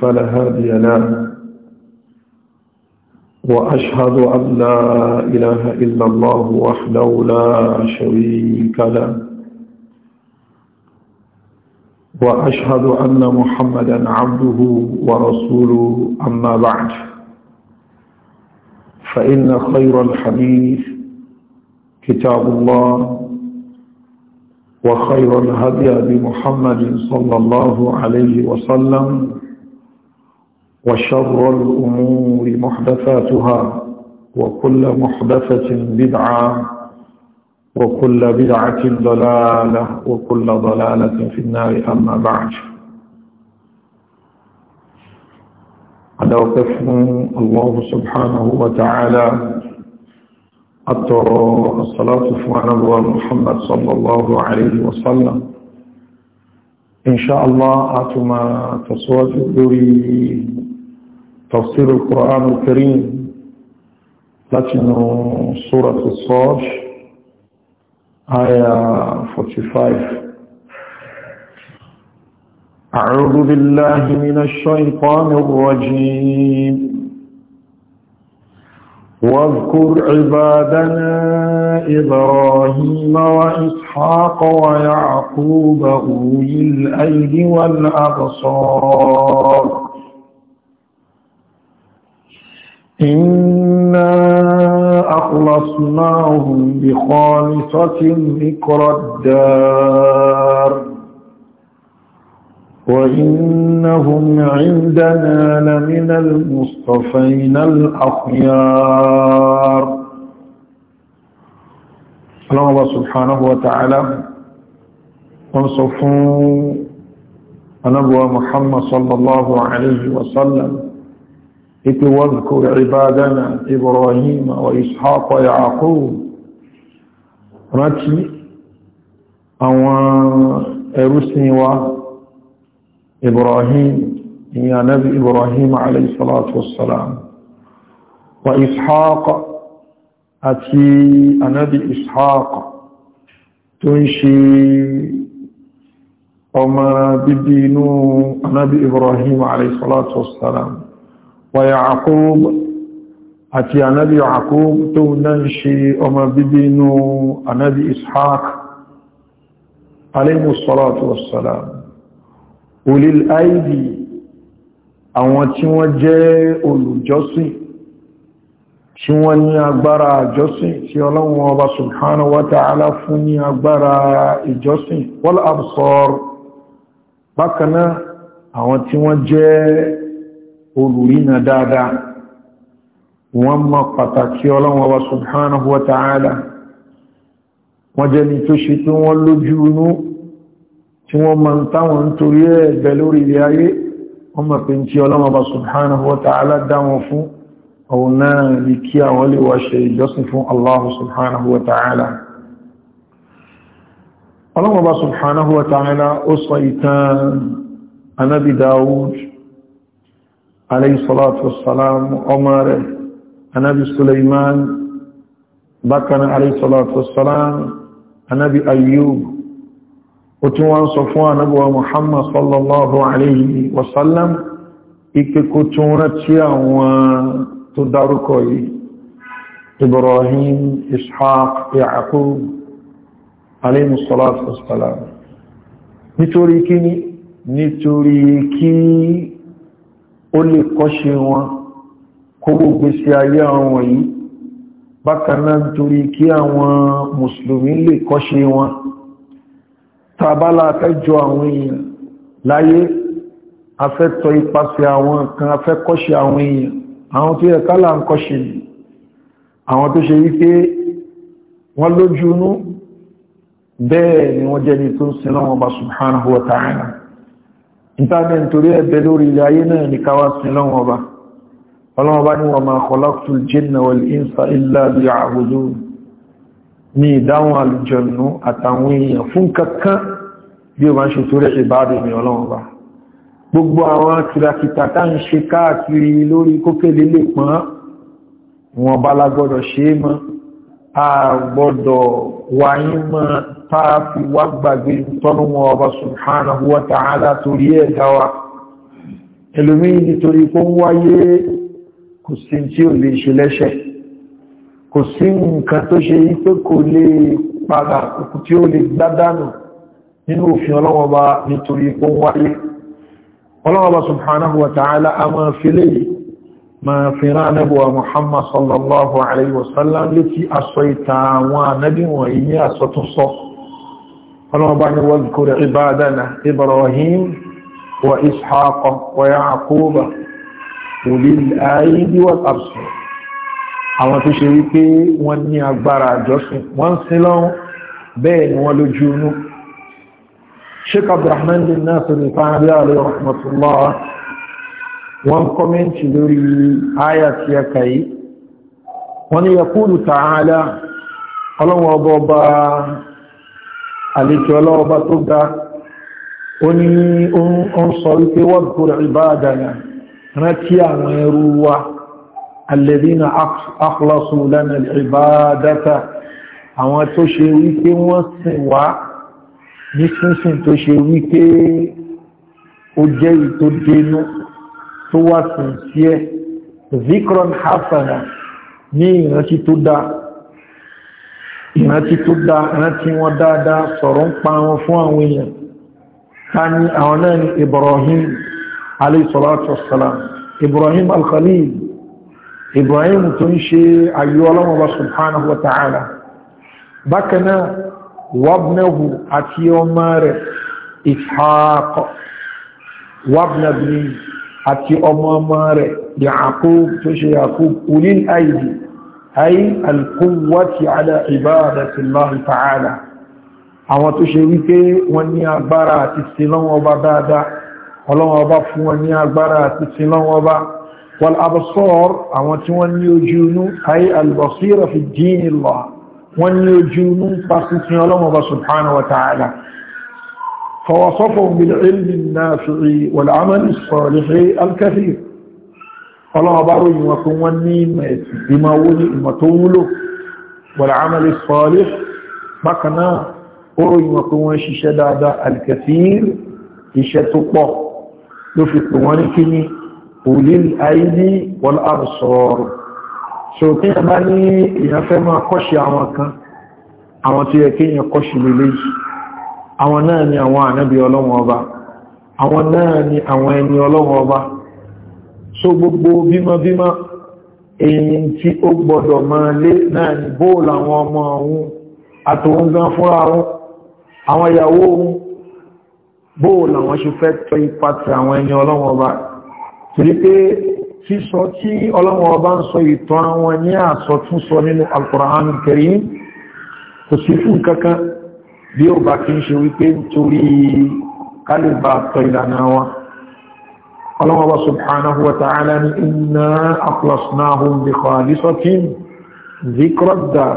فلا هادي له وأشهد أن لا إله إلا الله وحده لا شريك له وأشهد أن محمدا عبده ورسوله أما بعد فإن خير الحديث كتاب الله وخير الهدي بمحمد صلى الله عليه وسلم وشر الأمور محدثاتها وكل محدثة بدعة وكل بدعة ضلالة وكل ضلالة في النار أما بعد هذا وقف الله سبحانه وتعالى أترى الصلاة على محمد صلى الله عليه وسلم إن شاء الله أتما تصوات لوري تفسير القرآن الكريم لكن سورة الصاد آية 45 أعوذ بالله من الشيطان الرجيم واذكر عبادنا إبراهيم وإسحاق ويعقوب أولي الأيد والأبصار إنا أخلصناهم بخالصة ذكر الدار وإنهم عندنا لمن المصطفين الأخيار الله سبحانه وتعالى وصفوا نبوة محمد صلى الله عليه وسلم إذ واذكر عبادنا إبراهيم وإسحاق ويعقوب رتي أو أرسني وإبراهيم يا نبي إبراهيم عليه الصلاة والسلام وإسحاق أتي أنبي إسحاق تنشي أما بدينو أنبي إبراهيم عليه الصلاة والسلام ويعقوب àti ànábì Yaqub tó náà ṣe ọmọ bíbí inú ànábì Ishaq alayhi salatu wassalam ulil aidi àwọn tí wọ́n jẹ́ olùjọ́sìn tí wọ́n ní agbára ìjọ́sìn tí ọlọ́run ọba subhanahu wa ta'ala fún ní agbára ìjọ́sìn wal absar bákanáà àwọn tí wọ́n jẹ́ olùrìnà dáadáa wọ́n mọ̀ pàtàkì ọlọ́wọ́ wa subhanahu wa ta'ala wọ́n jẹ́ ni tó ṣe tí wọ́n lójú inú tí wọ́n ma ń táwọn nítorí ẹ̀ẹ̀bẹ̀ lórí ilẹ̀ ayé wọ́n mọ̀ pé tí ọlọ́wọ́ wa subhanahu wa ta'ala dáwọn fún ọ̀hún náà ní kí àwọn lè wá ṣe ìjọsìn fún Allahu subhanahu wa ta'ala ọlọ́wọ́ wa subhanahu wa ta'ala ó sọ ìtàn anábì Dawud alayhi salatu wassalam ọmọ rẹ̀ anábi suleiman bákan alayhi salatu wassalam anábi ayyub ó tún wọ́n sọ fún anábuwa muhammad sallallahu alayhi wasallam ike kó tún rántí àwọn tó dárúkọ yìí ibrahim ishaq yaqub alayhi salatu wassalam nítorí kíni nítorí kí ó lè kọ́ṣe wọn kó gbogbo sí ayé àwọn wọ̀nyí bákaná nítorí kí àwọn mùsùlùmí lè kọ́ṣe wọn tàbálà afẹ́jọ àwọn èèyàn láyé afẹ́tọ̀ ipasẹ̀ àwọn kan afẹ́kọ́ṣe àwọn èèyàn àwọn tó yẹ kálà ń kọ́ṣe ní àwọn tó ṣe wípé wọ́n lójúnú bẹ́ẹ̀ ni wọ́n jẹ́ ni tó ń sin lọ́wọ́ subhanahu wa ta'ala ìtàdé nítorí ẹ̀bẹ̀ lórí ilẹ̀ ayé náà ní káwà sí lọ́wọ́ ọba ọlọ́wọ́ba ní wa ma khalaqtul jinna wal insa illa liya'budun ní ìdáhùn alùjọ̀nù àtàwọn èèyàn fún kankan bí o bá ń ṣe torí ìbáàdì mi ọlọ́wọ́ba gbogbo àwọn kìràkìtà tá ń ṣe káàkiri lórí kókèlélè pọ́n wọn bá lágbọ́dọ̀ ṣe é mọ́ àgbọ́dọ̀ wáyé mọ́ táà fi wá gbàgbé tọ́nù wọn ọba subhanahu wa ta'ala torí ẹ̀dá wa ẹlòmí nítorí kó ń wáyé kò sí tí ò lè ṣe lẹ́ṣẹ̀ kò sí nǹkan tó ṣe yí pé kò lè padà kò tí ó lè gbádánù nínú òfin ọlọ́wọ́ba nítorí kó ń wáyé ọlọ́wọ́ba subhanahu wa ta'ala a máa fi léyìí ma fira anabuwa muhammad sallallahu alaihi wasallam létí aṣọ ìta àwọn anabi wọ̀nyí ní aṣọ tó sọ ọlọ́ọ̀bá ni wọ́n kúrò ibadana ibrahim wa ishaq wa yaquba ulil aidi wal absar àwọn tó ṣe wípé wọ́n ní agbára àjọsìn wọ́n sí lọ́wọ́ bẹ́ẹ̀ ni wọ́n lójú inú sheikh abdulrahman bin nasir ifáàbí alayhi rahmatullah wọ́n kọ́mẹ́ntì lórí àyà tí a kàí wọ́n ni yakúrù tààlá ọlọ́wọ́ ọba ọba àlejò ọlọ́wọ́ ọba tó ga ó ní ó ń sọ wípé wọ́n kúrò ìbáadànà rántí àwọn ẹrú wa alẹ́dínà akhlasu lana ìbáadàta àwọn tó ṣe wípé wọ́n sìn wá nísinsìn tó ṣe wípé ó jẹ́ ìtó dénú tó wá sincere zikron hasana ní ìrántí tó dá ìrántí tó dá ìrántí wọn dáadáa sọ̀rọ̀ ń pa wọn fún àwọn èèyàn ta ni àwọn náà ni Ibrahim alayhi salatu wassalam Ibrahim al-Khalil Ibrahim tó ń ṣe ayé ọlọ́mọba subhanahu wa ta'ala bákanáà wabnahu àti ọmọ rẹ̀ Ishaq wabnabni àti ọmọ ọmọ rẹ̀ Yaqub tó ṣe Yaqub ulil aidi ay alquwwati ala ibadati Allah ta'ala àwọn tó ṣe wípé wọ́n ní agbára àti sílọ́wọ́ ọba dáadáa ọlọ́wọ́ ọba fún wọn ní agbára àti sílọ́wọ́ ọba wal absar àwọn tí wọ́n ní ojú inú ay albasira wọ́n ní ojú inú pàṣípín subhanahu wa ta'ala فوصفهم بالعلم النافع والعمل الصالح الكثير الله بارو يمكن ونين بما ولي المطول والعمل الصالح بقنا أرو يمكن وشيش دادا الكثير يشتطه لفت ونكني أولي الأيدي والأبصار سوتي أماني يفهم قشي عمكا عمتي يكين يقشي لليش àwọn náà ni àwọn ànábí ọlọ́wọ́n ọba àwọn náà ni àwọn ẹni ọlọ́wọ́n ọba so gbogbo bima èyí tí ó gbọdọ̀ máa lé náà ni bóòlù àwọn ọmọ ọ̀hún àtòun gan fúnra wọn àwọn ìyàwó ohun bóòlù àwọn ṣe fẹ́ tọ́ ipa ti àwọn ẹni ọlọ́wọ́n ọba torí pé sísọ tí ọlọ́wọ́n ọba kankan bí ó bá kí ń ṣe wípé nítorí kálùbà tọ ìlànà wa ọlọ́wọ́wọ́ subhanahu wa ta'ala ni inna akhlasnahum bi khalisatin dhikrad dar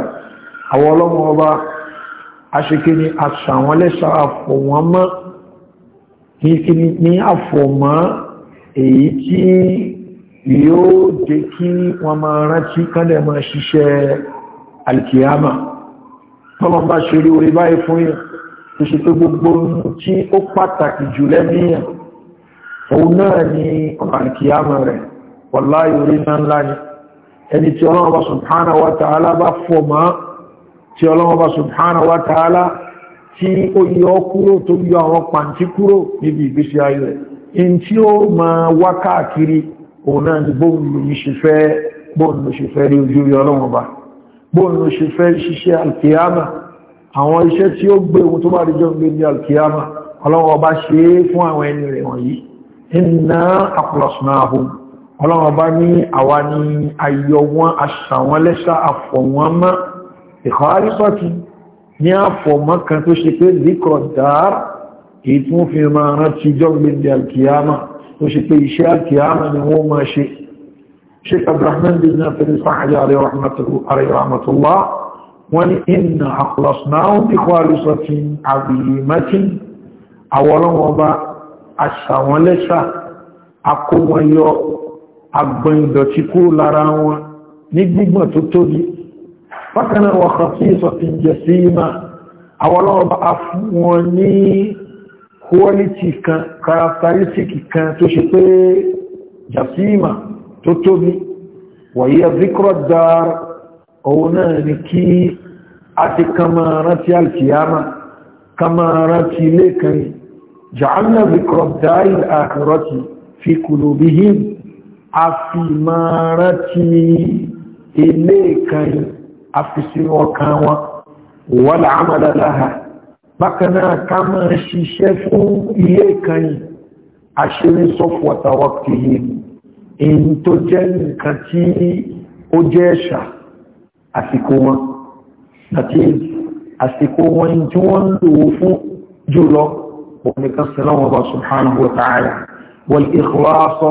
àwọn ọlọ́wọ́wọ́ aṣèké ni aṣàwọn lẹ́ṣà àfọ̀wọ́mọ́ ní àfọ̀mọ́ èyí tí yóò jẹ́ kí wọ́n máa rántí kálẹ̀ máa ṣiṣẹ́ alkiyama tọ́lọ́n bá ṣe rí orí báyìí fún yẹn tó ṣe pé gbogbo tí ó pàtàkì jù lẹ́míyàn òun náà ni ọ̀kànkìyàmọ̀ rẹ̀ wàláyé orí náà ńlá ni ẹni tí ọlọ́wọ́ bá subhanahu wa ta'ala bá fọ̀ mọ́ tí ọlọ́wọ́ bá subhanahu wa ta'ala tí ó yọ kúrò tó yọ àwọn pàǹtí kúrò níbi ìgbésí ayé rẹ̀ in tí ó máa wá káàkiri òun náà ni bóun lòun ṣe fẹ́ rí ojú ọlọ́wọ́ bá bóòlù ṣe fẹ́ ṣiṣẹ́ alkiyama àwọn iṣẹ́ tí ó gbé ohun tó bá rí jọun gbé ní alkiyama ọlọ́wọ́ bá ṣe é fún àwọn ẹni rẹ̀ wọ̀nyí iná akọlọ̀sùnáhùn ọlọ́wọ́ bá ní àwa ní ayọ wọn aṣà wọn lẹ́ṣà àfọ̀wọ́nmọ́ ìkọ̀hárísọ́tí ní àfọ̀mọ́ kan rántí jọun gbé alkiyama tó ṣe pé iṣẹ́ alkiyama ni wọ́n máa ṣe Sheikh Abdurrahman bin Nafiri Sa'adi alayhi rahmatullah wọ́n ní inna akhlasnahum bi khalisatin azimatin àwọ̀lọ́wọ́ bá aṣàwọn lẹ́ṣà akówọ́yọ agbọn ìdọ̀tí kúrò lára wọn ní gbígbọ̀n tó tóbi bákan náà wa khasisatin jasima àwọ̀lọ́wọ́ bá a fún wọn quality kan characteristic kan tó ṣe pé jasima tó tóbi wàyí ẹ̀díkọ́rọ̀ dáar òun náà ni kí a ti kama rántí alkiyama kama rántí ilé kan jàánà ẹ̀díkọ́rọ̀ dáar àkàrọ̀tì fi kùlùbíhìn a fi máa rántí ilé kan a fi sínú ọkàn wọn wọ́n àmàlà láha bákanáà ṣiṣẹ́ fún ilé kan àṣírí sọ́fọ̀tàwọ́kì yìí èyí tó jẹ́ nǹkan tí ó jẹ́ ẹ̀ṣà àsìkò wọn àti àsìkò wọn tí wọ́n ń lò fún jùlọ òmìnkan sílọ́wọ́ bá subhanahu wa ta'ala wal ikhlaso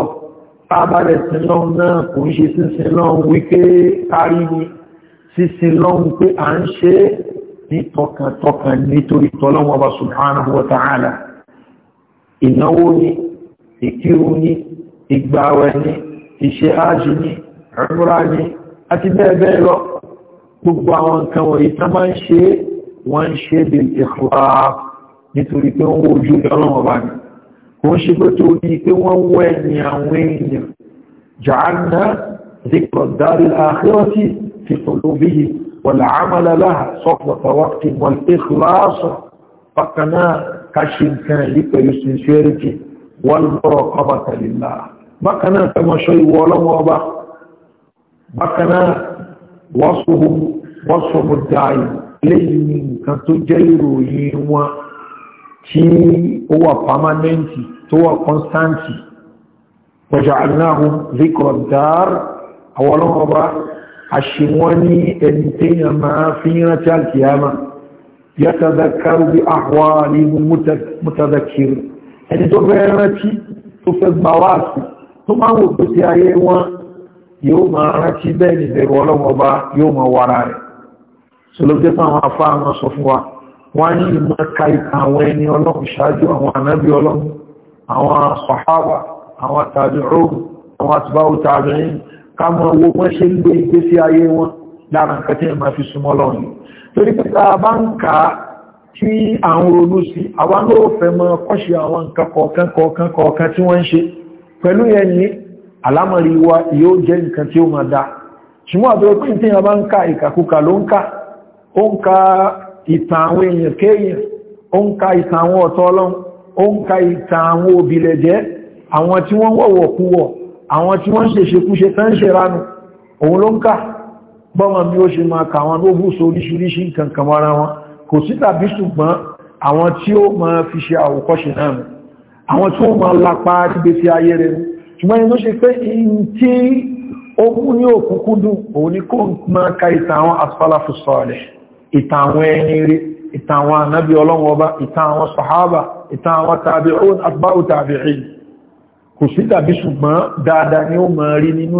tábàrẹ̀ sílọ́wọ́ náà kò ń ṣe sí sílọ́wọ́ wípé kárí ni sí sílọ́wọ́ pé à ń ṣe ní tọkàntọkàn nítorí tọ́lọ́wọ́ bá subhanahu wa ìnáwó ni ìkírun ni ìgbàwẹ̀ ni iṣẹ́ ájì ni ẹ̀múra ni àti bẹ́ẹ̀ bẹ́ẹ̀ lọ gbogbo àwọn nǹkan wọ̀nyí tá máa ń ṣe wọ́n ń ṣe bí ìfúra nítorí pé wọ́n ojú ọlọ́run wọ́n ṣe ní wọ́n wọ ẹni àwọn èèyàn jàánà ذكر الدار الآخرة في قلوبهم والعمل لها صحبة وقت والإخلاص فقنا كشنكا لك يسنسيرك والمراقبة لله bákanáà tẹmọṣọ ìwọ ọlọ́wọ́ ọba bákanáà wọ́sọ̀bù dáì lẹ́yìn nǹkan tó jẹ́ ìròyìn wọn tí ó wà pàmánẹ́ntì tó wà kọ́nsántì ọjà aláhùn zikọ̀ dáàr àwọn ọlọ́wọ́ ọba àṣìwọ́n ní ẹni tẹ́yàn máa fi rántí àkìyàmá yàtàdàkàrù bí àwọ̀ àríwú mútàdàkìrì ẹni tó fẹ́ rántí tó fẹ́ gbà wáàsì tó máa wò pé sí ayé wọn yóò máa rántí bẹ́ẹ̀ ni bẹ̀rù ọlọ́wọ́ bá yóò máa wara rẹ̀ sọlọ́jẹ́ fáwọn afá wọn sọ fún wa wọ́n ní ìmọ̀ ka ìka àwọn ẹni ọlọ́run ṣáájú àwọn ànábì ọlọ́run àwọn sàhábà àwọn tàbí'ù àwọn àtibáwò tàbí'ìn ká mọ owó wọ́n ṣe ń gbé ìgbésí ayé wọn lára nǹkan tí ìmọ̀ fi súnmọ́ lọ́run torí pé tá bá ń kà á tí à ronú sí àwa náà fẹ́ kọ́ṣe àwọn nǹkan kọ̀ọ̀kan kọ̀ọ̀kan tí wọ́n ń ṣe pẹ̀lú yẹn ni alámọ̀rí wa yóò jẹ́ nǹkan tí ó máa dá ṣùgbọ́n àbúrò pín tí a bá ń ká ìkàkùkà ló ń ká ó ń ka ìtàn àwọn èèyàn kéèyàn ó ń ka ìtàn àwọn ọ̀tọ́ ọlọ́run ó ń ka ìtàn òbílẹ̀ jẹ́ àwọn tí wọ́n wọ̀wọ̀ kú wọ̀ àwọn tí ó máa lápá gbèsè ayé rẹ̀ ṣùgbọ́n inú ṣe pé in tí ó mú ní òkúnkúndùn òun ní kó máa ka ìtàn àwọn asfalafu sọ́ọ̀lẹ̀ ìtàn àwọn ẹni rí ìtàn àwọn anábí ọlọ́wọ́ bá ìtàn àwọn sàhábà ìtàn àwọn tabi'un atba'u tabi'in kò sí dàbí ṣùgbọ́n ni ó máa rí nínú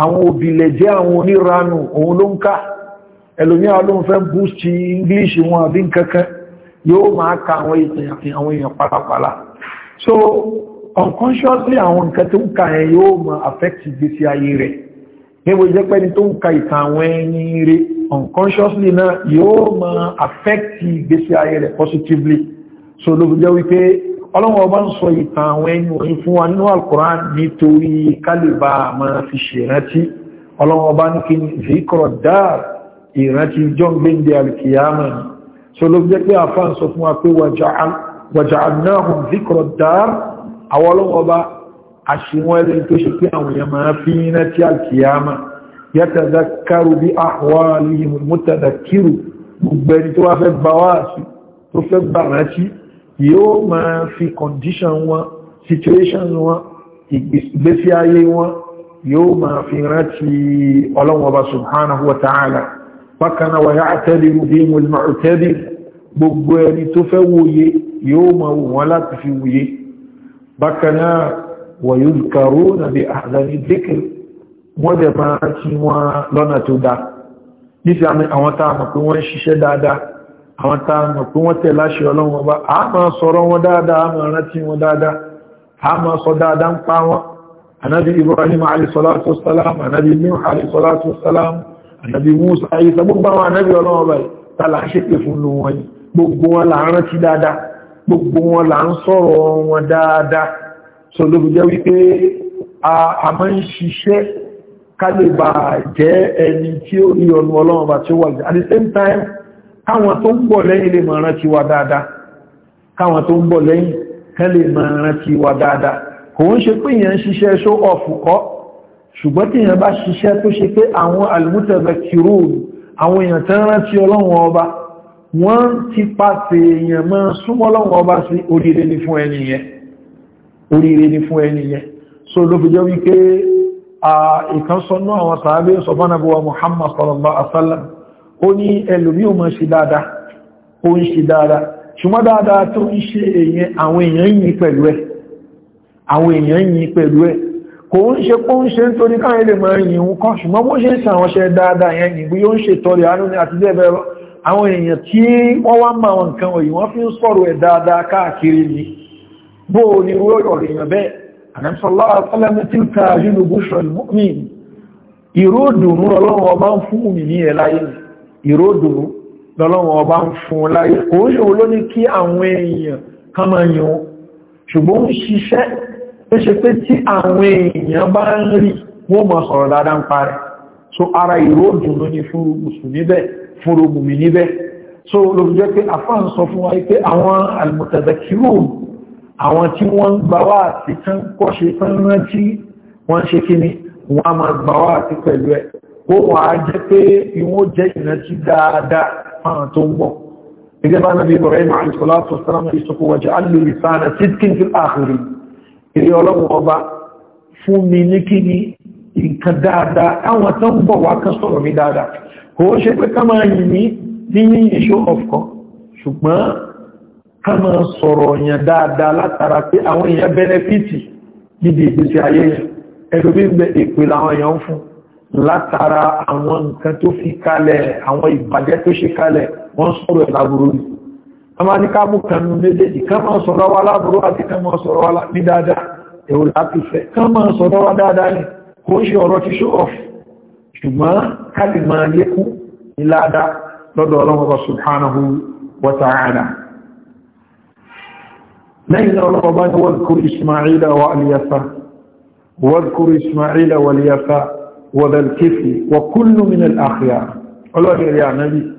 àwọn òbílẹ̀ jẹ́ àwọn oníranù òun ló ń ká ẹlòmíà ló fẹ́ búṣì english wọn àbí nkankan yóò máa ka àwọn ìtàn àti àwọn èèyàn pàlàpàlà so unconsciously àwọn nǹkan tó ń ka ẹ̀ yóò máa affect ìgbésí ayé rẹ̀ níbo jẹ́ pẹ́ni tó ń ka ìtàn àwọn ẹni rẹ̀ unconsciously náà yóò máa affect ìgbésí ayé rẹ̀ positively so ló jẹ́ wípé ọlọ́wọ́ bá ń sọ ìtàn àwọn ẹni wọ̀nyí fún wa nínú alkùnrán nítorí kálìbà ma fi ṣèrántí ọlọ́wọ́ bá ní kí ní zíkọ̀rọ̀ dáà ìrántí john gbéǹdé alkiyama ni so ló jẹ́ pé àfáà ń sọ fún wa pé wàjàánáhùn zíkọ̀rọ̀ dáà àwọn ọlọ́wọ́ bá àṣìwọ́n ẹni yóò máa fi condition wọn situation wọn ìgbésí ayé wọn yóò máa fi rántí ọlọ́wọ́ba subhanahu wa ta'ala bákaná wa ya'tadiru bihim al-mu'tadir gbogbo ẹni tó fẹ́ wòye yóò máa wò wọ́n láti fi wòye bákaná wa yudhkaruna bi ahsani dhikr wọ́n dẹ̀ máa rántí wọn lọ́nà tó dáa nítorí àwọn táàmù pé wọ́n ń ṣiṣẹ́ dáadáa àwọn tá a wọ́n tẹ̀ láṣẹ ọlọ́run ọba a máa sọ̀rọ̀ wọn dáadáa a máa rántí wọn dáadáa a máa sọ dáadáa ń pa wọn anabi ibrahim alayhisalatu wasalam anabi nuh alayhisalatu musa ayisa gbogbo àwọn anabi ọlọ́run ọba yìí tá là ń ṣépè fún wọn yìí gbogbo wọn là ń rántí dáadáa gbogbo wọn là ń sọ̀rọ̀ wọn dáadáa sọ ló fi jẹ́ wípé a máa ń ṣiṣẹ́ ká lè bà jẹ́ ẹni tí ó rí ọnu ọlọ́run ọba tí ó wà at the same time káwọn tó ń bọ̀ lẹ́yìn lè máa rántí wa dáadáa káwọn tó ń bọ̀ lẹ́yìn kẹ́ lè máa rántí wa dáadáa kò ń ṣe pé èèyàn ń ṣiṣẹ́ show off kọ́ ṣùgbọ́n tí èèyàn bá ṣiṣẹ́ tó ṣe pé àwọn almutazakirun àwọn èèyàn tẹ́ rántí ọlọ́run ọba wọ́n ti so ló fi jẹ́ wípé ìkan sọ́nà àwọn sàábé sọfánàbíwa sallallahu alaihi wasallam ó ní ẹlòmí ò mọ́ ṣe dáadáa ó ń ṣe dáadáa ṣùgbọ́n dáadáa tó ń ṣe èyàn àwọn èèyàn yìí pẹ̀lú ẹ̀ àwọn èèyàn yìí pẹ̀lú ẹ̀ kò ń ṣe pó ń ṣe nítorí káyẹ̀ lè máa yìn ń kọ́ ṣùgbọ́n bó ṣe ń ṣàwọn ṣe dáadáa yẹn yìí bí yóò ń ṣe tọrẹ àánú ni àti bẹ́ẹ̀ bẹ́ẹ̀ káàkiri ni bó ọlọ́run ọba ń fún mi ní ni ìródùnú lọ́lọ́wọ́ ọba ń fún láyé oúnṣòwò ló ní kí àwọn èèyàn kan máa yìn ó ṣùgbọ́n ń ṣiṣẹ́ tó ṣe pé tí àwọn èèyàn bá ń rí wọ́n mọ̀ sọ̀rọ̀ dáadáa ń parẹ́ so ara ìródùnú ní fún mùsùlùmí bẹ́ẹ̀ fún rògbùmí níbẹ̀ so ló fi jẹ́ pé afá ń sọ fún wa pé àwọn almutazakirun àwọn tí wọ́n ń gbà wá àti tán kọ́ṣe tán rántí wọ́n ṣe kí wọ́n á máa gbà wá àti pẹ̀lú ẹ̀ ó wà á jẹ́ pé ìwọ́n jẹ́ ìrántí dáadáa fáwọn tó ń bọ̀. Ilé bá nàbí Ibrahim Àìsọ́látọ̀ Sọ́lámà ìṣòkò wàjá alìlúrí sáàdà Sitkin fi àkìrí. Ilé ọlọ́run ọba fún mi ní kí ni nǹkan dáadáa, ká máa sọ̀rọ̀ yẹn dáadáa látara pé àwọn èèyàn bẹ́nẹ́fìtì níbi ìgbésí ayé yẹn. bí ń bẹ ìpè èèyàn fún látara àwọn nǹkan tó fi kalẹ̀ àwọn ìbàjẹ́ tó ṣe kalẹ̀ wọ́n sọ̀rọ̀ ẹ̀ láburú ni wọ́n máa ní ká mú kan nínú méjèèjì kán máa sọ̀rọ̀ wa láburú àti kán máa sọ̀rọ̀ wa ní dáadáa èrò lápìfẹ́ kán máa sọ̀rọ̀ wa dáadáa ni kò ń ṣe ọ̀rọ̀ ti ṣó ọ̀f ṣùgbọ́n ká máa lékún ní ládàá lọ́dọ̀ ọlọ́run إسماعيل واليسع واذكر وبل كفي وكل من الأخيار الله يا نبي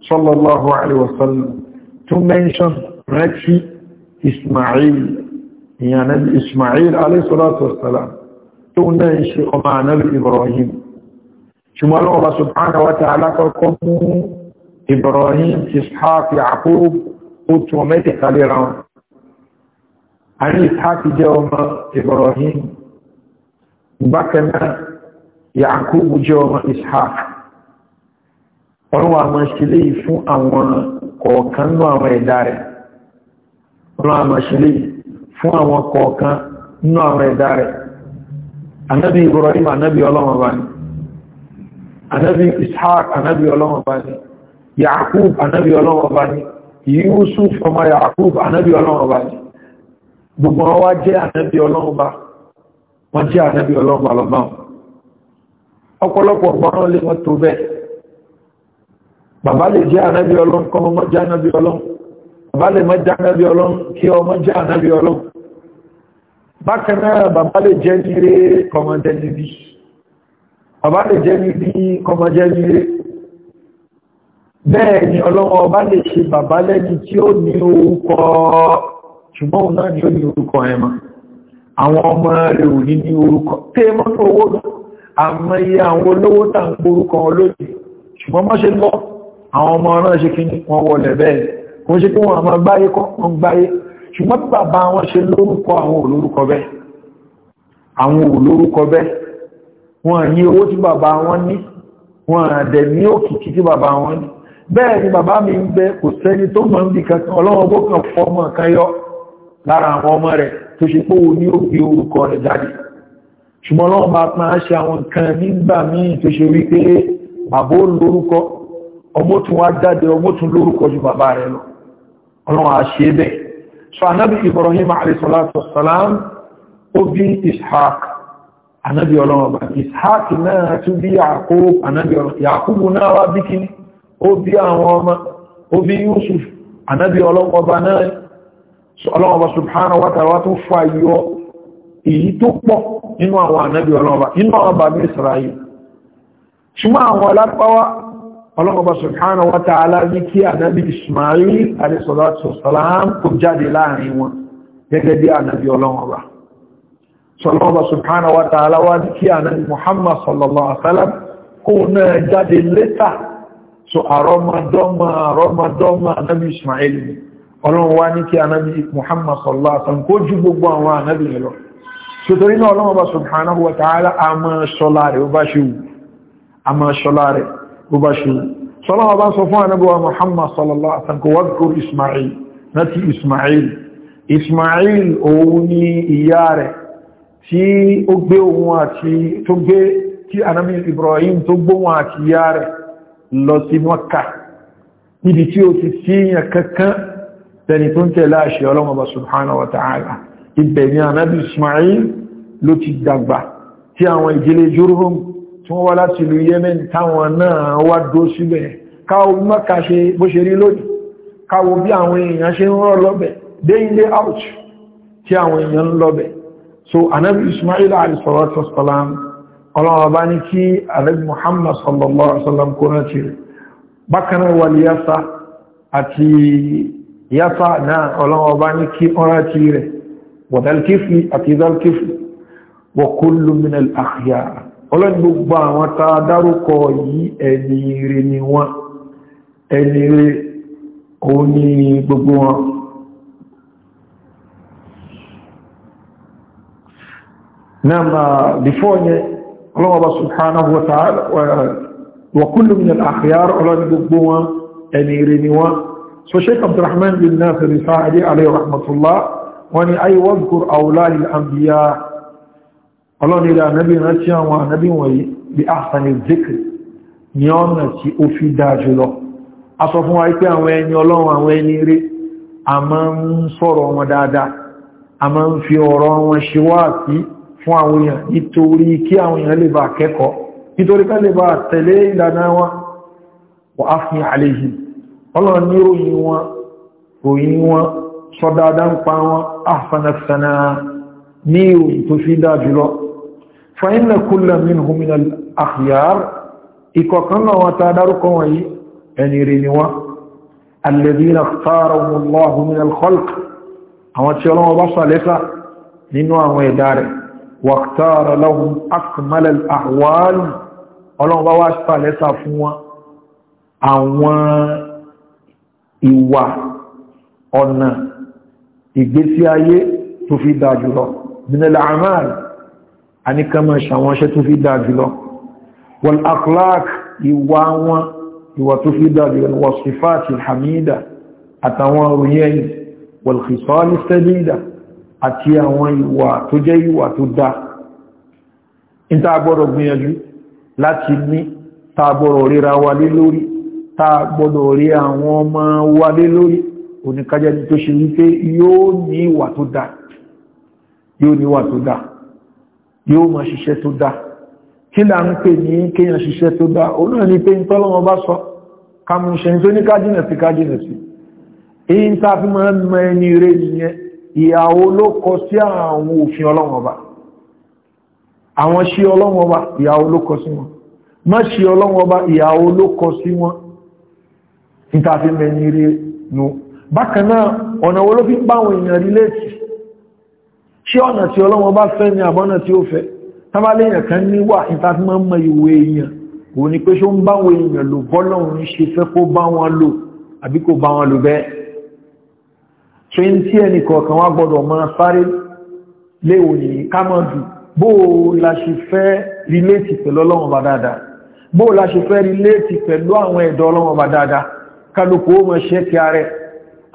صلى الله عليه وسلم تو mention رجي إسماعيل يا نبي إسماعيل عليه الصلاة والسلام to mention أمع نبي إبراهيم شما الله سبحانه وتعالى كلكم إبراهيم إسحاق يعقوب وتوميتي خليران أن إسحاق جاء إبراهيم بكنا Yakubu jẹ́ ọmọ Ishaq ọlọ́wọ́ àmọ́ ṣílẹ̀ fún àwọn kọ̀ọ̀kan ní àwọn ẹ̀dá rẹ̀ ọlọ́wọ́ àmọ́ ṣílẹ̀ fún àwọn kọ̀ọ̀kan ní àwọn ẹ̀dá rẹ̀ Ibrahim bá Ishaq bá ní Yakub bá Yusuf ọmọ Yakub anábì ọlọ́wọ́ bá ní gbogbo wọn wá jẹ́ ọ̀pọ̀lọpọ̀ ọ̀gbọ́n lè wọ́n tó bẹ́ẹ̀ bàbá lè jẹ́ ànábì ọlọ́n kọ́ ọmọ jẹ́ ànábì ọlọ́n bàbá lè má jẹ́ ànábì ọlọ́n kí ọmọ jẹ́ ànábì ọlọ́n bákan náà bàbá lè jẹ́ níre kọmọdé níbi bàbá lè jẹ́ níbi kọmọdé níre bẹ́ẹ̀ ni ọlọ́wọ́ bá lè ṣe bàbá lẹ́ni tí ó ní orúkọ ṣùgbọ́n náà ni ó ní orúkọ ẹ̀mọ́ àwọn ọmọ rẹ̀ ò ní ní orúkọ tẹ́ mọ́tò owó náà àmọ́ iye àwọn olówó tà ń porúkọ olóòjì ṣùgbọ́n mọ́ ṣe lọ àwọn ọmọ ọ̀rán ṣe kí wọ́n wọlẹ̀ bẹ́ẹ̀ kò ṣe kí wọ́n àmọ́ gbáyé kọ́ wọ́n gbáyé ṣùgbọ́n bàbá wọn ṣe lórúkọ àwọn olórúkọ bẹ́ẹ̀ àwọn olórúkọ bẹ́ẹ̀ ni bàbá mi ń bẹ kò sẹ́ni tó mọ̀ ń bì kankan ọlọ́wọ́ bó kàn fọmọ kan yọ lára àwọn ọmọ ṣe pé òun ní ó orúkọ rẹ̀ jáde ṣùgbọ́n lọ́wọ́ bá máa ṣe àwọn nǹkan nígbà míì tó ṣe wípé bàbá ó lórúkọ ọmọ tún wá jáde ọmọ tún lórúkọ ju bàbá rẹ̀ lọ ọlọ́wọ́ a ṣe bẹ́ẹ̀ so anábì Ibrahim alayhisalaam ó bí Ishaq anábì ọlọ́wọ́ bá Ishaq náà tún bí Yakub anábì Yakubu náà wá bí kíní ó bí àwọn ọmọ ó bí Yusuf anábì ọlọ́wọ́ bá náà ọlọ́wọ́ bá subhanahu wa ta'ala tún fà yọ èyí tó pọ̀ nínú àwọn ànábì ọlọ́ọ̀bá nínú àwọn bàbá Israel ṣùgbọ́n àwọn alápáwá ọlọ́ọ̀bá subhanahu wa ta'ala ní kí ànábì Ismail alayhi salatu wassalam kò jáde láàrin wọn gẹ́gẹ́ bí ànábì ọlọ́ọ̀bá sọlọ́ọ̀bá subhanahu wa ta'ala wá ní kí ànábì Muhammad sallallahu alaihi wasallam kó náà jáde létà so àrọmọdọ́mọ àrọmọdọ́mọ ànábì Ismail ọlọ́run ní kí sallallahu alaihi kó ju gbogbo àwọn ànábì lọ sotori náà ọlọ́wọ́ bá subhanahu wa ta'ala a máa ṣọ́lá rẹ̀ bó bá ṣe wù a máa ṣọ́lá rẹ̀ bó bá ṣe wù sọ́lọ́wọ́ bá sọ fún anábíwa muhammad sallallahu alaihi wasallam wadkur ismail láti ismail ismail òun ni ìyá rẹ̀ tí ó gbé ohun àti tó gbé tí anábí ibẹ̀ ni anábì Ismail ló ti dàgbà tí àwọn ìdílé Jurhum tí wọ́n wá láti ìlú Yemen táwọn náà wá dó síbẹ̀ káwọ mọ́ka ṣe bó ṣe rí lónìí káwọ bí àwọn èèyàn ṣe ń rọ́ lọ́bẹ̀ dé ilé out tí àwọn èèyàn ń lọ́bẹ̀ so anábì Ismail alayhi salam ọlọ́wọ́ bá ní kí وذا الكفل أتذا الكفل وكل من الأخيار أولاً بقبا وتادروا كوي أنيري نوا أنيري أوني بقبا نعم بفوني الله سبحانه وتعالى وكل من الأخيار أولاً بقبا أنيري نوا سو شيخ عبد الرحمن بن ناصر الساعدي عليه رحمة الله wọ́n ni ayi wadhkur awlad al-anbiya ọlọ́run ilẹ̀ ànábì àwọn ànábì wọ̀nyí bí ahsani zikr ní ọ̀nà tí ó fi dáa jùlọ a fún pé ọlọ́run àwọn ẹni rí a ma ń sọ̀rọ̀ wọn dáadáa a ma ń fi ọ̀rọ̀ wọn ṣe fún nítorí kí lè kẹ́kọ̀ọ́ sọ أحسن الثناء نيو تفيد جلو فإن كل منهم من الأخيار إكو كنا وتداركم وي يعني رينوا الذين اختارهم الله من الخلق أما تشلون بصا لك نينوا ويدار واختار لهم أكمل الأحوال ọlọ́run bá wá pàlẹ́sà fún wọn àwọn ìgbésí ayé tó fi dáa jùlọ minala amal a ní kama ṣàwọn ṣe tó fi dáa jùlọ wal akhlaq ìwà wọn ìwà tó fi dáa jùlọ wal sifati hamida àtàwọn òyìn wal khisali sadida àti àwọn ìwà tó jẹ́ ìwà tó dáa ìta gbọ́dọ̀ rí àwọn ọmọ wa lórí oníkájẹ́ni tó ṣe wípé yóò ní ìwà tó dá yóò ní ìwà tó dá yóò máa ṣiṣẹ́ tó dá kí là ń pè ní kéèyàn ṣiṣẹ́ tó dá olóòrùn ni pé ń tọ́lọ́wọ́ bá sọ kàmùṣẹ́ tó ní kájìnà sí kájìnà sí èyí ń tàbí máa ń mọ ẹni rẹ̀ nìyẹn ìyàwó ló kọ sí àwọn òfin ọlọ́wọ́n bá wọn má mẹ́ni rẹ̀ nù bákanáà ọ̀nà wo ló fi ń bá àwọn èèyàn rí léèkì ṣé ọ̀nà tí ọlọ́wọ́n bá fẹ́ ni àbọ́nà tí ó fẹ́ tábálé èèyàn kan níwà ìtàtímọ̀ mọ ìwé èèyàn kò ní pé ṣó ń bá àwọn èèyàn lò bọ́lọ́run ṣe fẹ́ kó bá lò àbí kò lò bẹ́ẹ̀ la ṣe fẹ́ ríléètì pẹ̀lú ọlọ́wọ́n la ṣe fẹ́ ríléètì pẹ̀lú àwọn ẹ̀dọ́ ọlọ́wọ́n bá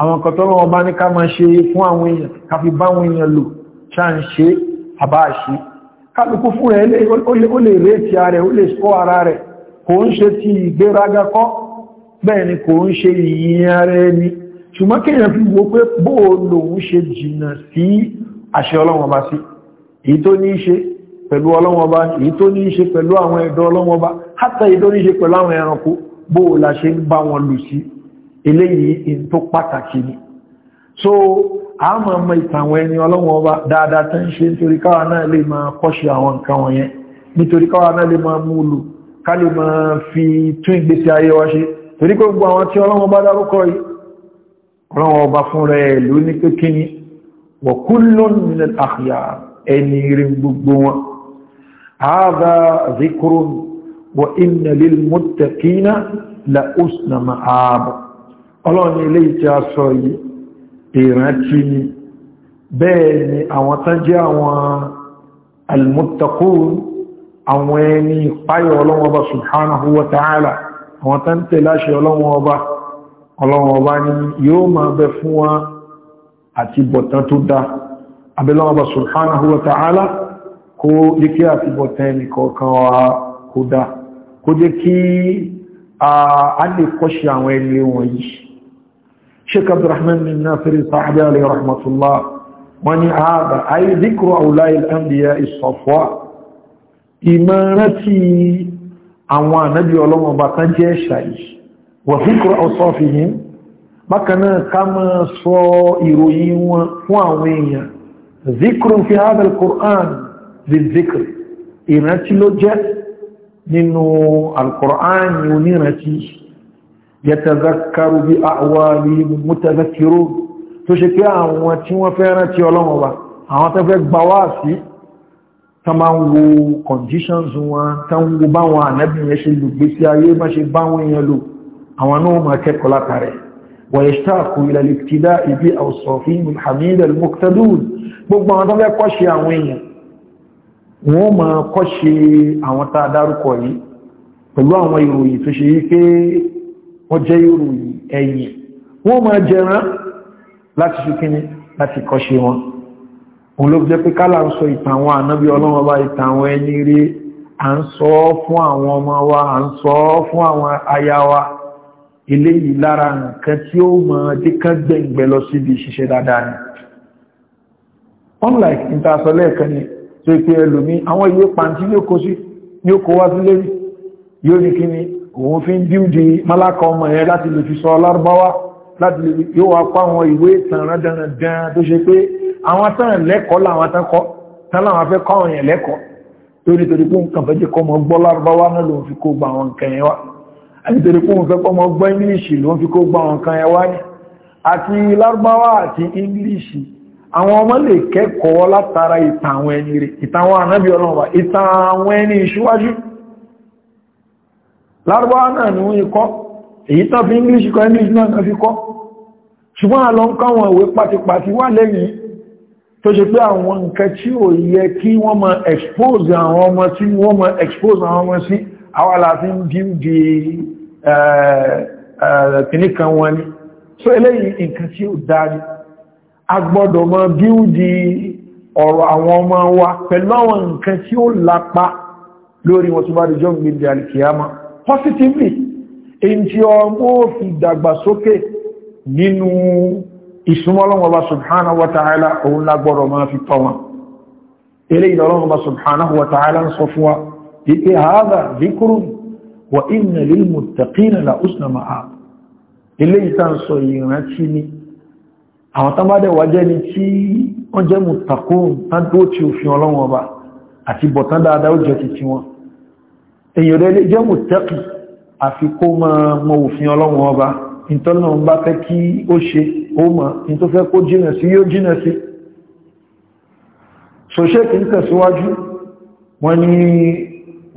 àwọn kan tọ́lọ́ ọba ní ká máa ṣe fún àwọn èèyàn ká fi bá àwọn èèyàn lò ṣá ń ṣe àbá ṣe kálukú fún rẹ̀ ó lè rẹ̀ ti ara rẹ̀ lè sọ ara rẹ̀ kò ń ṣe ti ìgbéraga kọ́ bẹ́ẹ̀ ni kò ń ṣe ìyìn ara ẹni ṣùgbọ́n kéèyàn fi wo pé bóò lòun ṣe jìnnà sí àṣẹ ọlọ́wọ́n bá sí èyí tó ní í ṣe pẹ̀lú la ṣe ń eléyìí in tó pàtàkì ni so a mọ̀ mọ̀ ìtàwọn ẹni ọlọ́wọ́n ọba dáadáa tó ń ṣe nítorí káwa náà lè máa kọ́ṣe àwọn nǹkan wọ̀nyẹn nítorí káwa náà lè máa mú lò ká lè máa fi tún ìgbésí ayé wa ṣe torí pé gbogbo àwọn tí ọlọ́wọ́n bá dárúkọ ọlọ́run ilé ìtí a sọ yìí ìrántí ni bẹ́ẹ̀ ni àwọn tán jẹ́ àwọn almuttaqun àwọn ẹni páyọ̀ ọlọ́wọ́ ọba subhanahu wa ta'ala àwọn tán tẹ̀ láṣẹ ọlọ́wọ́ ọba ọlọ́wọ́ ọba ni yóò máa bẹ fún wa àti ta'ala kó jẹ́ àti bọ̀tán ẹnì wa kó dá kó jẹ́ a lè kọ́ṣe àwọn ẹni wọ̀nyí sheik abdulrahman bin nasiri sa'adi alayhi rahmatullah wọ́n ní ààbà ayé díkùrù àwùláyé àmìyà ìsọ̀fọ́ ìmọ̀ràn ti àwọn ànábí ọlọ́mọba tán jẹ́ ṣàì wà díkùrù ọ̀sọ́fì yìí bákanáà ká máa sọ ìròyìn wọn fún àwọn èèyàn díkùrù fi hádà al-Qur'an bí díkùrù ìrántí ló jẹ́ nínú al-Qur'an onírántí yatazakkaru bi a'walihim mutadhakkirun tó ṣe pé àwọn tí wọ́n fẹ́ rántí ọlọ́run ọba àwọn tó fẹ́ gbà wá sí tán máa ń wo conditions wọn tán ń wo báwọn ànábì yẹn ṣe lùgbé sí ayé má ṣe báwọn èèyàn lò àwọn náà máa kẹ́kọ̀ọ́ látàrẹ̀ إلى الابتداء بأوصافهم الحميدة المقتدون gbogbo àwọn tó fẹ́ kọ́ṣe àwọn èèyàn wọ́n máa kọ́ṣe àwọn tá a pẹ̀lú àwọn ìròyìn tó ṣe yí pé wọ́n jẹ́ irú ẹ̀yìn wọ́n máa jẹran láti ṣùkíní láti kọ́ṣe wọn òun ló jẹ́ pé kálà ń sọ ìtàn àwọn ànábí ọlọ́run ọba ìtàn ẹni rí à ń sọ fún àwọn ọmọ wa à ń sọ fún àwọn aya wa eléyìí lára nǹkan tí ó mọ̀ díkán gbẹ̀ngbẹ̀ lọ síbi ìṣiṣẹ́ dáadáa ni unlike ìtàsọ lẹ́ẹ̀kan ni tó pé ẹlòmí àwọn ìwé pàǹtí yóò kó wá sílé yóò ní kí ni òun fi ń díúdí málákà ọmọ ẹ̀ láti lè fi sọ lárúbáwá láti lè yóò wá pa àwọn ìwé ìtàn rádanradan tó ṣe pé àwọn tán lẹ́kọ̀ọ́ làwọn tán kọ́ tán láwọn fẹ́ kọ́ àwọn yẹn lẹ́kọ̀ọ́ tó nítorí pé nǹkan fẹ́ jẹ́ kọ́ mọ́ gbọ́ lárúbáwá náà lòun fi kó gba àwọn nǹkan yẹn wá nítorí pé ọmọ lè kẹ́kọ̀ọ́ látara ìtàn ẹni rẹ̀ ìtàn àwọn ànábì ọlọ́run ẹni ìṣíwájú lárúbáwá náà ni wọ́n yí kọ́ èyí tán fi english kọ́ english náà náà fi kọ́ ṣùgbọ́n àlọ́ ń kọ́ wọn ìwé pàtipàti wà lẹ́yìn tó ṣe pé àwọn nǹkan tí ò yẹ kí wọ́n mọ expose àwọn ọmọ sí wọ́n mọ expose àwọn ọmọ sí àwọn aláàfin bíúdi kìníkan wọn ni so eléyìí nǹkan tí ó dáadé a gbọ́dọ̀ mọ bíúdi ọ̀rọ̀ àwọn ọmọ wa pẹ̀lú àwọn nǹkan tí ó lápa lórí wọn tó bá rí jọ́ gbìyànjú alìkìyàmá positively èyí tí ọmọ fi dàgbàsókè nínú ìsúnmọ́lọ́wọ́ba subhanahu wa ta'ala òun lágbọ́rọ̀ máa fi tọ́ wọn ilé ìlọ́lọ́wọ́ba subhanahu wa ta'ala ń sọ fún wa wípé haza dhikrun wa inna lil muttaqina la usna ma'ab ilé ìtànsọ ìrántí ni àwọn tán bá dẹ̀wà jẹ́ ni tí wọ́n jẹ́ muttaqun tán tó ti òfin ọlọ́wọ́ba àti bọ̀tán dáadáa ó jẹ́ ti ti wọn èyàn rẹ̀ lè jẹ́ mùtẹ́kì àfi kó ma mọ òfin ọlọ́run ọba ìtọ́nà ń bá fẹ́ kí ó ṣe ó mọ̀ ní tó fẹ́ kó jìnà sí yóò jìnà sí ṣòṣẹ́ kì ń tẹ̀síwájú wọ́n ni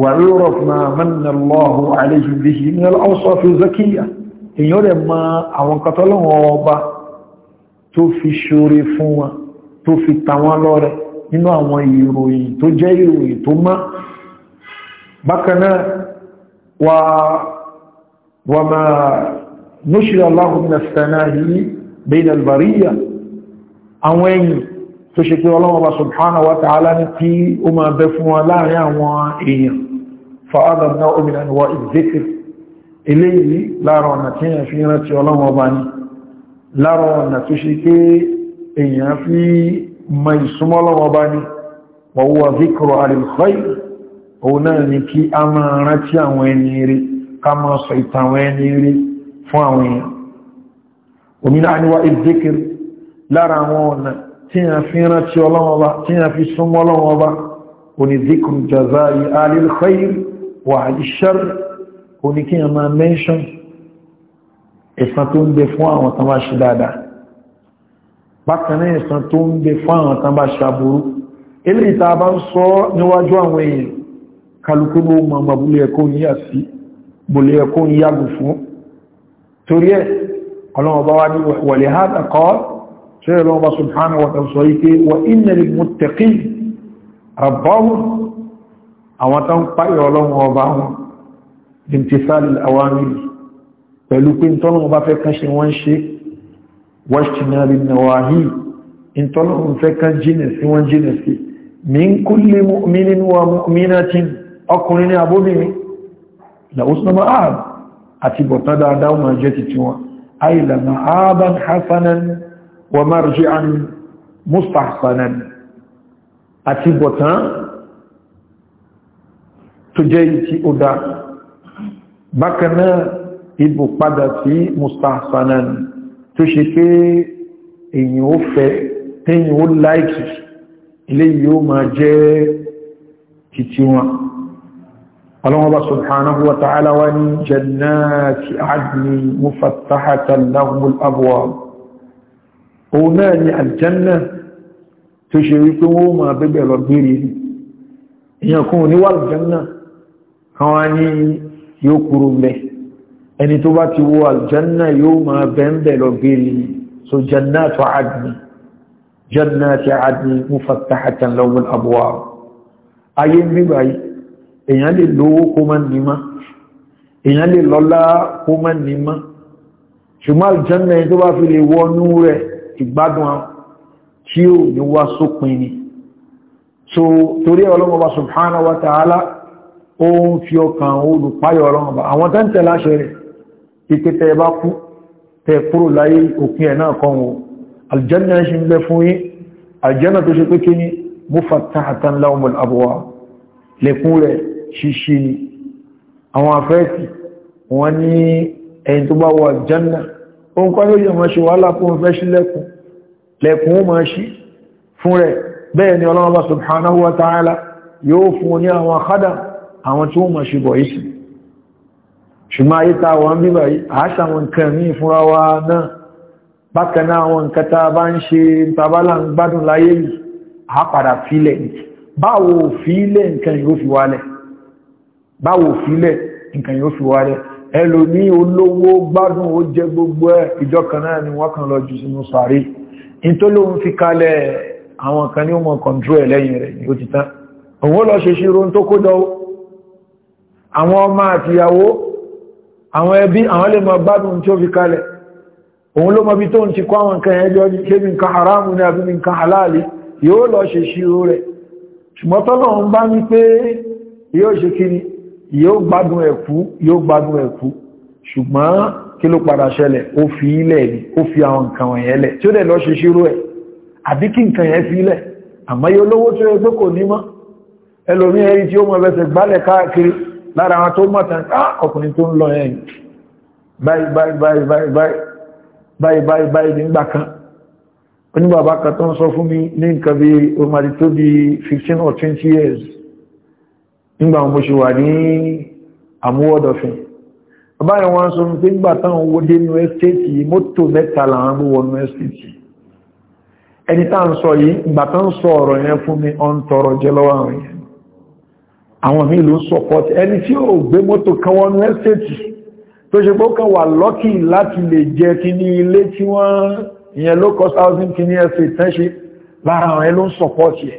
wàrírọ̀ ma mẹ́nà lọ́hù àlejìbìhì ní ọlọ́sọ́ fi zakiya èyàn ma àwọn بكنا و وما نشر الله من الثناه بين البريه اوين تشكر الله سبحانه وتعالى في وما بفوا لا يا وايا فاذن نوع من انواع الذكر اليه لا رانا تي في رتي الله وبان لا رانا تشكي ايا في ما يسمى الله وبان وهو ذكر على الخير òun náà ni kí a máa rántí àwọn ẹni rí ká máa sọ ìtàn àwọn ẹni rí fún àwọn èèyàn òmìnà àníwá ìdíkir lára àwọn ọ̀nà tí a fi rántí ọlọ́wọ́ba tí a fi súnmọ́ ọlọ́wọ́ba onídíkùn jazari alilkhayr wà alishar oníkíyàn máa mention ẹ̀san tó ń kálukú ló mọ ọmọ búlé ẹkọ́ ń yà sí búlé ẹkọ́ ń yàgù fún torí ẹ̀ ọlọ́wọ́ bá wá ní wọ̀lẹ̀ hádà kọ́ tí ó lọ́wọ́ bá subhanahu wa ta'ala sọ ike wa inna lil muttaqin rabbahum àwọn tán páyọ̀ ọlọ́wọ́ ọba wọn dimtisali awamir pẹ̀lú min kulli mu'minin wa mu'minatin ọkùnrin ní abóbìnrin làúsùnà ma'ab àti bọ̀tá dáadáa ma jẹ́ ti tí wọn àìlà ma'aban hasanan wa marji'an mustahsanan àti bọ̀tá tó jẹ́ ìtí ó dá bákanáà ibò padà sí mustahsanan tó ṣe pé èyàn ó fẹ́ tẹ́yìn ó láìkì ilé yóò ma jẹ́ titi wọn قالوا الله سبحانه وتعالى ومن جنات عدن مفتحة لهم الأبواب هناك الجنة تشريكه ما ببعض الديره إن يكون هو الجنة هواني يكرم له أن تباتي هو الجنة يوم بمبل بيري سو جنات عدن جنات عدن مفتحة لهم الأبواب أي من بيت èyàn lè lówó kó mọ́ nímá èyàn lè lọ́lá kó mọ́ nímá ṣùgbọ́n aljanna tó bá fi lè wọnú rẹ̀ ìgbádùn tí ó ní wá sópin ni so torí ọlọ́mọba subhanahu wa ta'ala ó ń fi ọkàn olùpáyọ̀ ọlọ́mọba àwọn tán tẹ̀lá rẹ̀ ìpé tẹ́ bá kú tẹ́ kúrò láyé òpin ẹ̀ náà kan wọn aljanna ṣe ń bẹ fún yín aljanna tó ṣe pé kí ni mufattahatan lahumul abwab lẹ́kún rẹ̀ ṣíṣe ni àwọn afẹ́ẹ̀tì wọ́n ní ẹni tó bá wọ àjánà òun kọ́ lóyè máa ṣe wàhálà fún fẹ́ ṣí lẹ́kùn lẹ́kùn ó máa ṣí fún rẹ̀ bẹ́ẹ̀ ni ọlọ́mọba subhanahu wa ta'ala yóò fún ní àwọn akádà àwọn tí wọ́n máa ṣe bọ̀ ìsìn nǹkan yóò fi wálẹ̀ báwo fílẹ̀ nǹkan yóò fi wá rẹ̀ ẹlòmí olówó gbádùn ó jẹ gbogbo ẹ̀ ìjọ kan náà ni wọ́n kan lọ jù sínú sàárè in tó lóun fi kalẹ̀ àwọn kan ní ó kọ̀ntró ẹ̀ lẹ́yìn rẹ̀ ni ó ti tán òun lọ ṣe ṣírò tó kó dọ́ àwọn ọmọ àtìyàwó àwọn ẹbí àwọn lè mọ̀ gbádùn tí ó fi kalẹ̀ òun ló mọ̀ bí tó ń ti kọ́ àwọn nǹkan ẹjọ́ ní ṣe bí nǹkan haramu ní àbí nǹkan halali yóò lọ ṣe ṣírò rẹ̀ ṣùgbọ́n tọ́lọ́run bá ní pé yóò ṣe kiri yóò gbádùn ẹ̀kú yóò gbádùn ẹ̀kú ṣùgbọ́n kí ló padà ṣẹlẹ̀ ó fi ilẹ̀ ni ó fi àwọn nǹkan wọ̀nyẹn lẹ̀ tí ó dẹ̀ lọ ṣe ṣírò ẹ̀ àbí kí nǹkan yẹn fi ilẹ̀ àmọ́ yóò lówó tó yẹ pé kò ní mọ́ ẹlòmí ẹ̀rí tí ó mọ̀ ẹ̀fẹ́sẹ̀ gbálẹ̀ káàkiri lára àwọn tó mọ̀ tán ká ah, ọkùnrin tó ń lọ ẹ̀yìn báyìí báyìí báyìí báyìí báyìí báyìí báyìí nígbà kan oníbàbá kan tó ń sọ fún mi ní nǹkan bí omari tó bí 15 or 20 years nígbà wọn bó ṣe wà ní àmúwọ́dọ̀fin bàbá rẹ̀ wọ́n sọ pé nígbà táwọn owó dénú ẹ́stéètì mọ́tò mẹ́ta làwọn gbó wọnú ẹ́stéètì ẹni tá ń sọ yìí ìgbà tán sọ ọ̀rọ̀ yẹn fún mi ọ́n tọrọ jẹ lọ́wọ́ àwọn yẹn àwọn míì ló ń sọpọ́tì ẹni tí ó gbé mọ́tò kan wọnú ẹ́stéètì tó ṣe pé ó kàn wà lọ́kì láti lè jẹ kí ilé tí wọ́n ìyẹn ló kọ́ thousand kí ní tán ṣe lára àwọn yẹn ló ń sọpọ́tì ẹ̀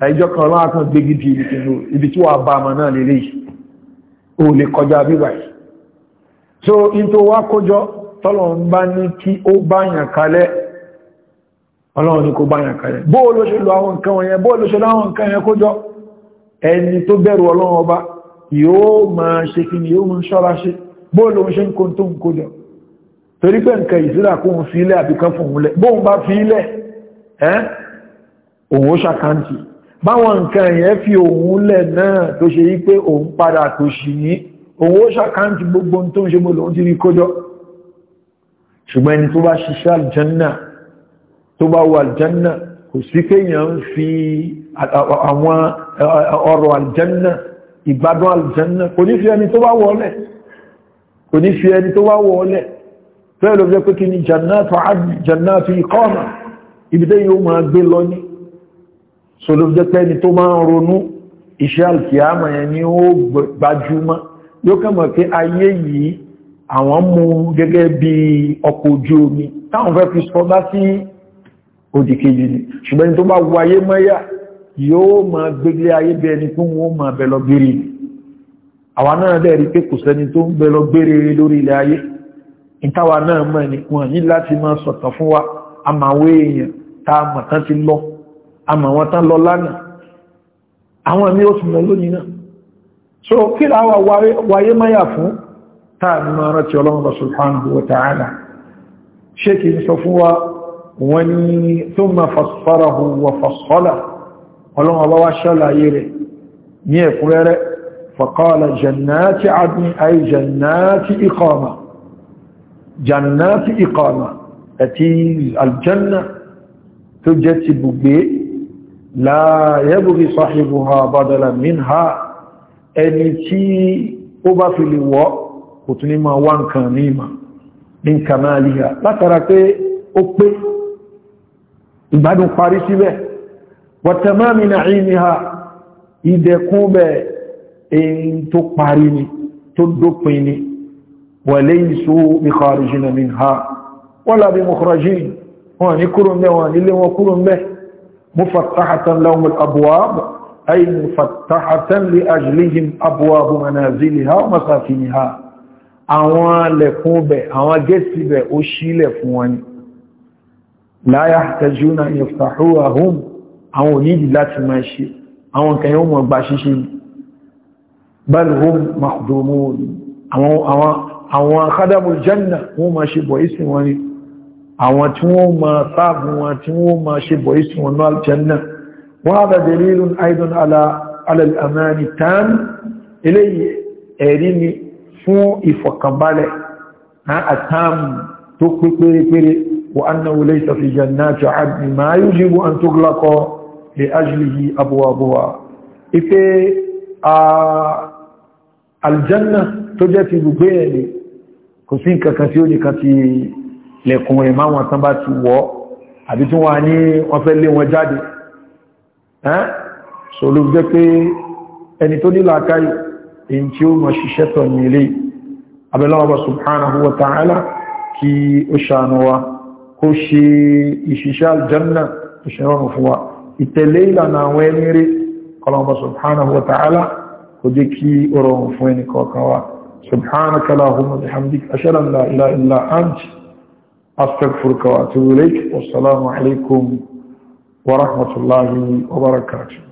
ẹjọ́ kan láwọn kan gbégi di ibi tí wà bá ọmọ náà lè rí o lè kọjá bíbà yìí so in tó wá kójọ tọ́lọ̀ ń bá ní kí ó báyàn kalẹ̀ ọlọ́run ní kó báyàn kalẹ̀ bóò ló ṣe lọ àwọn nǹkan wọ̀nyẹn bóò ló ṣe láwọn nǹkan yẹn kójọ ẹni tó bẹ̀rù ọlọ́run ọba yóò máa ṣe kí ni yóò máa ṣọ́ra ṣe bóò torí pé nǹkan ìsílà kó ń fi ilẹ̀ àbíkan fòun lẹ̀ bóun bá fi ilẹ̀ ẹ́ òun ó ṣàkáǹtì báwọn nǹkan yẹn fi òun lẹ̀ náà tó ṣe yí pé òun padà tó ṣì ní owó ṣàkáǹtì gbogbo tó ń ṣe mọ́ lòun ti rí kójọ ṣùgbọ́n ẹni tó bá ṣiṣẹ́ aljanna tó bá wà aljanna kò sí kéèyàn fi àwọn ọ̀rọ̀ aljanna ìgbádùn aljanna kò ní fi ẹni tó bá wọlẹ̀ kò ní fi ẹni tó bá wọlẹ̀ fẹ́ẹ̀lọ́fẹ́ pé kí ni jannatu adn jannatu iqama ibi tẹ́ yóò máa gbé lọ ní so ló jẹ́ pé ẹni tó máa ń ronú iṣẹ́ alkiyama yẹn ni ó gbajúmọ̀ yóò kẹ́mọ̀ pé ayé yìí àwọn mú gẹ́gẹ́ bí ọkọ̀ ojú omi táwọn fẹ́ fi sọ́dá sí òdìkejì ni ṣùgbọ́n tó bá wáyé mọ́yá yóò máa gbégbé ayé bí ẹni kún wọ́n máa bẹ̀lọ ni àwa náà dẹ̀ rí pé kò sẹ́ni tó ń bẹ̀lọ gbére lórí ilẹ̀ ayé ìtawà náà mọ̀ ní wọ́n yí láti máa sọ̀tàn fún wa àmàwé èèyàn tá a mọ̀ tán ti lọ àmà wọn tán lọ lánàá àwọn mí ó tún lọ lónìí náà so kí láwà wáyé máyà fún táà ní máa rántí ọlọ́run subhanahu wa ta'ala ṣe kì í sọ fún wa wọ́n ní thumma fassarahu wa fassala ọlọ́run ọba wá jannati iqama jannati aljanna tó jẹ́ ti bùgbé la yẹ́bùrí sọ́hìbùhà bàdàlà mínà ẹni tí ó bá fi lè wọ́ kò tún ní máa wá nǹkan ní ìmà ní kàmáàlìyà látara pé ó pé ìgbádùn parí síbẹ̀ wàtàmáàmì na ìmìhà ìdẹ̀kún bẹ̀ èyí tó parí ni tó dópin ni wà lẹ́yìn só mikharijina mínà wọ́n lábí mọ̀kọ̀rọ̀jìn wọn ní kúrò mẹ́ wọn nílé wọn مفتحة لهم الأبواب أي مفتحة لأجلهم أبواب منازلها ومساكنها أوان لكم بي أوان جسي بي أشي لفوان لا يحتاجون أن يفتحوها هم أوان يد لا تماشي أوان كيوم وباشيشين بل هم مخدومون أوان أوان خدم الجنة هم ماشي بوئيسي àwọn tí wọ́n ma sáàbù wọn tí wọ́n ma ṣe bọ̀ ìsìn wọn náà aljanna wọ́n hada dalilun aidan al'amani tan eléyìí ẹ̀rí ni fún ìfọ̀kànbalẹ̀ àtàm tó pé pérépéré wa annahu laysa fi jannati 'adnin ma yujibu an tughlaqa li lẹ́kùn rẹ̀ máa wọn tán bá ti wọ́ àbí tí wọ́n ní wọ́n fẹ́ lé wọn jáde so ló jẹ́ pé ẹni tó nílò àkáyì èyí tí ó mọ̀ ṣiṣẹ́ tọ̀ ní ilé abẹ́lọ́wọ́ subhanahu wa ta'ala kí ó ṣàánú wa kó ṣe ìṣiṣẹ́ aljanna subhanaka lahumma bihamdik ashhadu an la ilaha illa anta أستغفرك وأتوب إليك والسلام عليكم ورحمة الله وبركاته